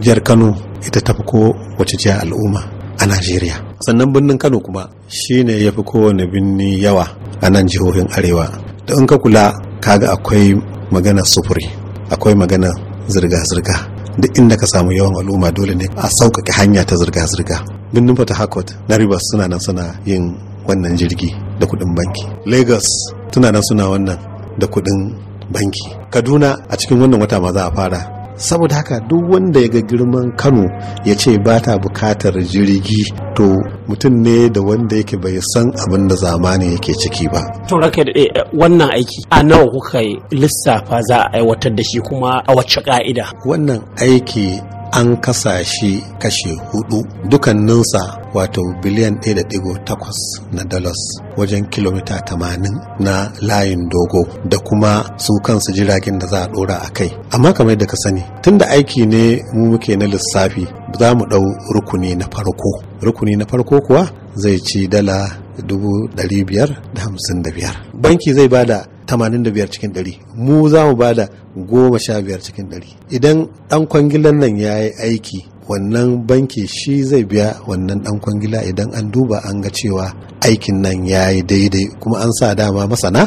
jihar kano ita ta fi kowace jihar al'umma a najeriya sannan birnin kano kuma shine ya fi kowane birni yawa a nan jihohin arewa da in ka kula kaga akwai magana sufuri akwai magana zirga-zirga duk inda ka samu yawan al'umma dole ne a sauƙaƙe hanya ta zirga-zirga birnin fata harcourt na rivers suna nan suna yin wannan jirgi da kuɗin banki lagos suna nan suna wannan da kuɗin banki kaduna a cikin wannan wata ma za a fara saboda haka duk wanda ya ga girman kano ya ce ba ta bukatar jirgi to mutum ne da wanda yake bai san abin da zamani yake ciki ba to raka da eh, wannan aiki a nawa kuka lissafa za a aiwatar da shi kuma a wacce ka'ida wannan aiki an kasa shi kashe hudu dukanninsa wato biliyan 1.8 na dalas wajen kilomita 80 na layin dogo da kuma su kansu jiragen da za a dora a kai amma kamar yadda ka sani tunda aiki ne mu muke na lissafi za mu ɗau rukuni na farko rukuni na farko kuwa zai ci dala 555 banki zai bada 85 cikin 100 mu za mu bada 15 cikin 100 idan dan kwangilan nan ya yi aiki wannan banki shi zai biya wannan dan kwangila idan an duba an ga cewa aikin nan ya yi daidai kuma an sa dama masana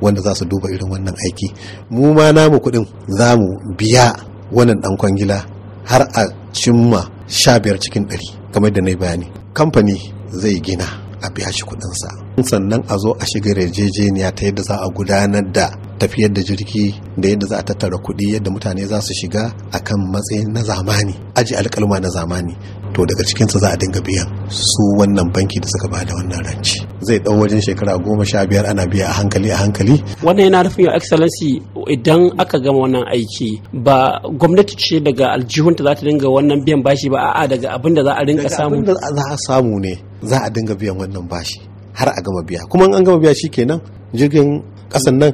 wanda za su duba irin wannan aiki mu ma namu kuɗin za mu biya wannan dan kwangila har a cimma 15 cikin 100 kamar da na yi bayani kamfani zai gina a biya shi kuɗinsa sannan a zo a shiga yarjejeniya ta yadda za a gudanar da tafiyar da jirgi da yadda za a tattara kuɗi yadda mutane za su shiga a kan matsayin na zamani aji alƙalma na zamani to daga cikinsa za a dinga biyan su wannan banki da suka bada wannan ranci zai ɗau wajen shekara goma sha biyar ana biya a hankali a hankali wannan yana nufin your excellency idan aka gama wannan aiki ba gwamnati ce daga aljihunta za ta dinga wannan biyan bashi ba a'a daga abin da za a rinka samu za a samu ne za a dinga biyan wannan bashi har a gama biya kuma an gama biya shikenan jirgin kasan nan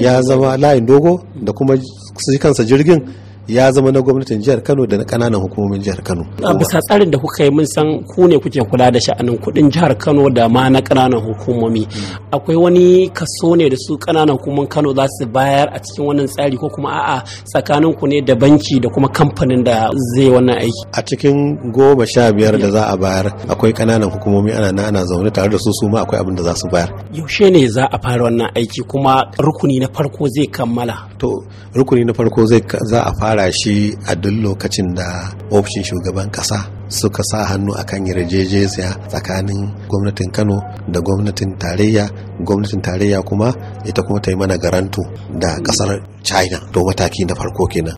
ya zama layin dogo da kuma su kansa jirgin ya zama na gwamnatin jihar Kano da na kananan hukumomin jihar Kano. A bisa tsarin da kuka yi mun san ku ne kuke kula da sha'anin kuɗin jihar Kano da ma na kananan hukumomi. Hmm. Akwai wani kaso ne da su kananan hukumomin Kano za su bayar a cikin wannan tsari ko kuma a'a tsakanin ku ne da banki da kuma kamfanin da zai wannan aiki. A cikin goma sha biyar da hmm. za a bayar akwai kananan hukumomi ana na ana zaune tare da su su ma akwai abin da za su bayar. Yaushe ne za a fara wannan aiki kuma rukuni na farko zai kammala. To rukuni na farko zai za a fara fara shi a duk lokacin da ofishin shugaban kasa suka sa hannu a kan yarjejeniya tsakanin gwamnatin kano da gwamnatin tarayya gwamnatin tarayya kuma ita kuma ta yi mana garantu da kasar china to mataki na farko kenan